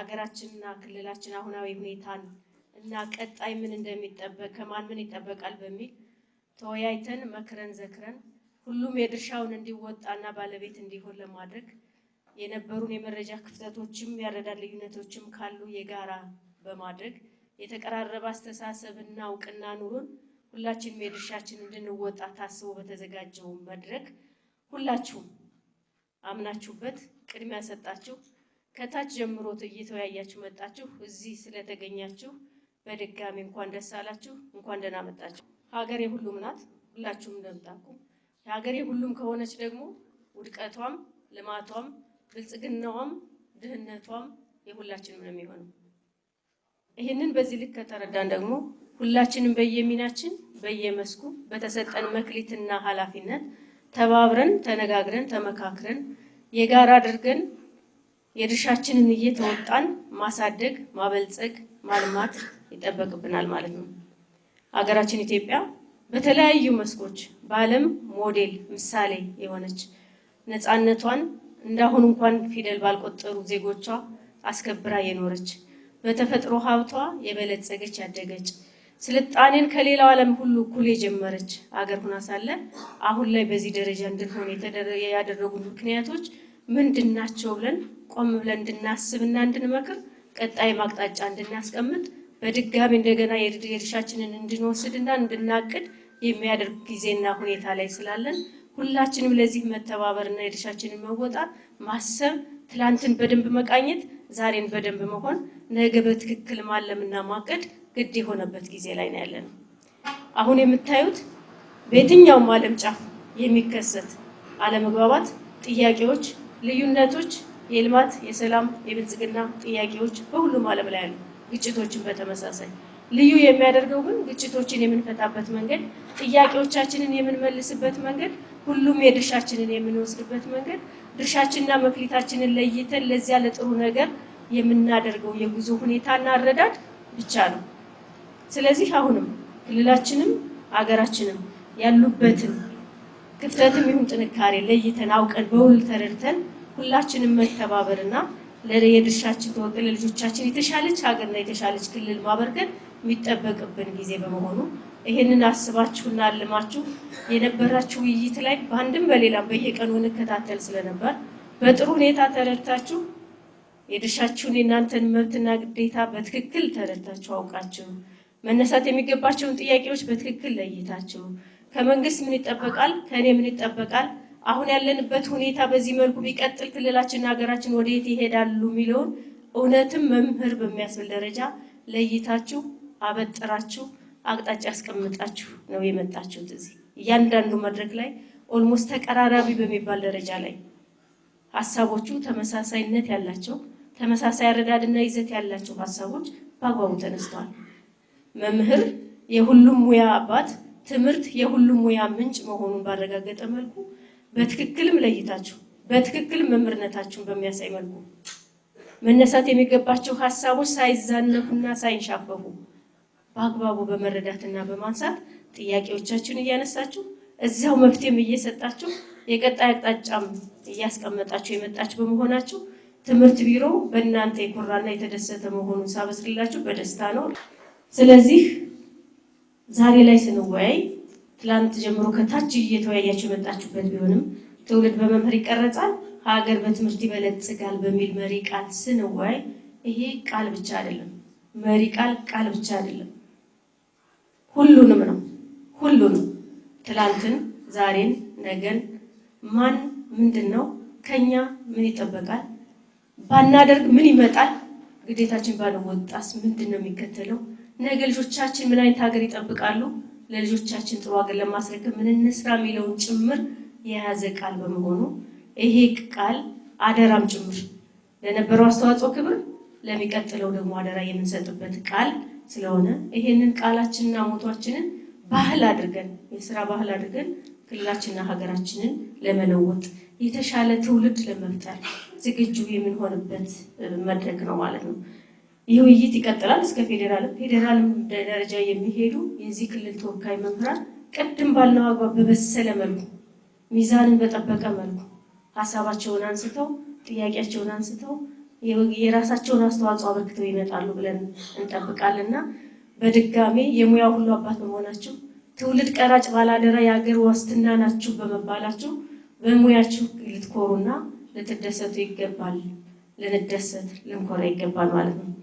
የሀገራችንና ክልላችን አሁናዊ ሁኔታን እና ቀጣይ ምን እንደሚጠበቅ ከማን ምን ይጠበቃል በሚል ተወያይተን መክረን ዘክረን ሁሉም የድርሻውን እንዲወጣና ባለቤት እንዲሆን ለማድረግ የነበሩን የመረጃ ክፍተቶችም ያረዳድ ልዩነቶችም ካሉ የጋራ በማድረግ የተቀራረበ አስተሳሰብና እውቅና ኑሮን ሁላችንም የድርሻችን እንድንወጣ ታስቦ በተዘጋጀው መድረክ ሁላችሁም አምናችሁበት ቅድሚያ ሰጣችሁ ከታች ጀምሮ እየተወያያችሁ መጣችሁ። እዚህ ስለተገኛችሁ በድጋሚ እንኳን ደስ አላችሁ፣ እንኳን ደህና መጣችሁ። ሀገር የሁሉም ናት፣ ሁላችሁም እንደምታውቁ የሀገር የሁሉም ከሆነች ደግሞ ውድቀቷም፣ ልማቷም፣ ብልጽግናዋም፣ ድህነቷም የሁላችንም ነው የሚሆነው። ይህንን በዚህ ልክ ከተረዳን ደግሞ ሁላችንም በየሚናችን በየመስኩ በተሰጠን መክሊትና ኃላፊነት ተባብረን ተነጋግረን ተመካክረን የጋራ አድርገን የድርሻችንን እየተወጣን ማሳደግ፣ ማበልጸግ፣ ማልማት ይጠበቅብናል ማለት ነው። ሀገራችን ኢትዮጵያ በተለያዩ መስኮች በዓለም ሞዴል ምሳሌ የሆነች ነፃነቷን እንዳሁን እንኳን ፊደል ባልቆጠሩ ዜጎቿ አስከብራ የኖረች በተፈጥሮ ሀብቷ የበለጸገች ያደገች ስልጣኔን ከሌላው ዓለም ሁሉ እኩል የጀመረች አገር ሁና ሳለ አሁን ላይ በዚህ ደረጃ እንድንሆን ያደረጉ ምክንያቶች ምንድን ናቸው ብለን ቆም ብለን እንድናስብና እንድንመክር ቀጣይ ማቅጣጫ እንድናስቀምጥ በድጋሚ እንደገና የድርሻችንን እንድንወስድና እንድናቅድ የሚያደርግ ጊዜና ሁኔታ ላይ ስላለን ሁላችንም ለዚህ መተባበርና የድርሻችንን መወጣት ማሰብ፣ ትላንትን በደንብ መቃኘት፣ ዛሬን በደንብ መሆን፣ ነገ በትክክል ማለምና ማቀድ ግድ የሆነበት ጊዜ ላይ ነው ያለነው። አሁን የምታዩት በየትኛውም ዓለም ጫፍ የሚከሰት አለመግባባት፣ ጥያቄዎች ልዩነቶች የልማት፣ የሰላም፣ የብልጽግና ጥያቄዎች በሁሉም ዓለም ላይ አሉ። ግጭቶችን በተመሳሳይ ልዩ የሚያደርገው ግን ግጭቶችን የምንፈታበት መንገድ፣ ጥያቄዎቻችንን የምንመልስበት መንገድ፣ ሁሉም የድርሻችንን የምንወስድበት መንገድ፣ ድርሻችንና መክሊታችንን ለይተን ለዚያ ለጥሩ ነገር የምናደርገው የጉዞ ሁኔታና አረዳድ ብቻ ነው። ስለዚህ አሁንም ክልላችንም አገራችንም ያሉበትን ክፍተትም ይሁን ጥንካሬ ለይተን አውቀን በውል ተረድተን ሁላችንም መተባበርና የድርሻችን ተወቅ ለልጆቻችን የተሻለች ሀገርና የተሻለች ክልል ማበርከት የሚጠበቅብን ጊዜ በመሆኑ ይህንን አስባችሁና አልማችሁ የነበራችሁ ውይይት ላይ በአንድም በሌላም በየቀኑ እንከታተል ስለነበር በጥሩ ሁኔታ ተረድታችሁ የድርሻችሁን የእናንተን መብትና ግዴታ በትክክል ተረድታችሁ አውቃችሁ መነሳት የሚገባቸውን ጥያቄዎች በትክክል ለይታችሁ ከመንግስት ምን ይጠበቃል? ከእኔ ምን ይጠበቃል? አሁን ያለንበት ሁኔታ በዚህ መልኩ ቢቀጥል ክልላችንና ሀገራችን ወደ ይሄዳሉ የሚለውን እውነትም መምህር በሚያስብል ደረጃ ለይታችሁ አበጥራችሁ አቅጣጫ ያስቀምጣችሁ ነው የመጣችሁት። እዚህ እያንዳንዱ መድረክ ላይ ኦልሞስት ተቀራራቢ በሚባል ደረጃ ላይ ሀሳቦቹ ተመሳሳይነት ያላቸው ተመሳሳይ አረዳድና ይዘት ያላቸው ሀሳቦች በአግባቡ ተነስተዋል። መምህር የሁሉም ሙያ አባት ትምህርት የሁሉም ሙያ ምንጭ መሆኑን ባረጋገጠ መልኩ በትክክልም ለይታችሁ በትክክልም መምህርነታችሁን በሚያሳይ መልኩ መነሳት የሚገባቸው ሀሳቦች ሳይዛነፉና ሳይንሻፈፉ በአግባቡ በመረዳትና በማንሳት ጥያቄዎቻችሁን እያነሳችሁ እዚያው መፍትሄም እየሰጣችሁ የቀጣይ አቅጣጫም እያስቀመጣችሁ የመጣችሁ በመሆናችሁ ትምህርት ቢሮ በእናንተ የኮራና የተደሰተ መሆኑን ሳበስግላችሁ በደስታ ነው። ስለዚህ ዛሬ ላይ ስንወያይ ትላንት ጀምሮ ከታች እየተወያያችሁ የመጣችሁበት ቢሆንም ትውልድ በመምህር ይቀረጻል፣ ሀገር በትምህርት ይበለጽጋል በሚል መሪ ቃል ስንወያይ ይሄ ቃል ብቻ አይደለም፣ መሪ ቃል ቃል ብቻ አይደለም፣ ሁሉንም ነው። ሁሉንም ትላንትን፣ ዛሬን፣ ነገን ማን ምንድን ነው ከኛ ምን ይጠበቃል? ባናደርግ ምን ይመጣል? ግዴታችን ባለወጣስ ምንድን ነው የሚከተለው? ነገ ልጆቻችን ምን አይነት ሀገር ይጠብቃሉ፣ ለልጆቻችን ጥሩ ሀገር ለማስረከብ ምን እንስራ የሚለውን ጭምር የያዘ ቃል በመሆኑ ይሄ ቃል አደራም ጭምር ለነበረው አስተዋጽኦ ክብር ለሚቀጥለው ደግሞ አደራ የምንሰጥበት ቃል ስለሆነ ይሄንን ቃላችንና ሞቷችንን ባህል አድርገን የስራ ባህል አድርገን ክልላችንና ሀገራችንን ለመለወጥ የተሻለ ትውልድ ለመፍጠር ዝግጁ የምንሆንበት መድረክ ነው ማለት ነው። ይህ ውይይት ይቀጥላል እስከ ፌዴራል ፌዴራል ደረጃ የሚሄዱ የዚህ ክልል ተወካይ መምህራን ቅድም ባለው አግባብ በበሰለ መልኩ ሚዛንን በጠበቀ መልኩ ሀሳባቸውን አንስተው ጥያቄያቸውን አንስተው የራሳቸውን አስተዋጽኦ አበርክተው ይመጣሉ ብለን እና በድጋሜ የሙያ ሁሉ አባት በመሆናችሁ ትውልድ ቀራጭ ባላደራ የሀገር ዋስትና ናችሁ በመባላችሁ በሙያችሁ ልትኮሩና ልትደሰቱ ይገባል። ልንደሰት ልንኮራ ይገባል ማለት ነው።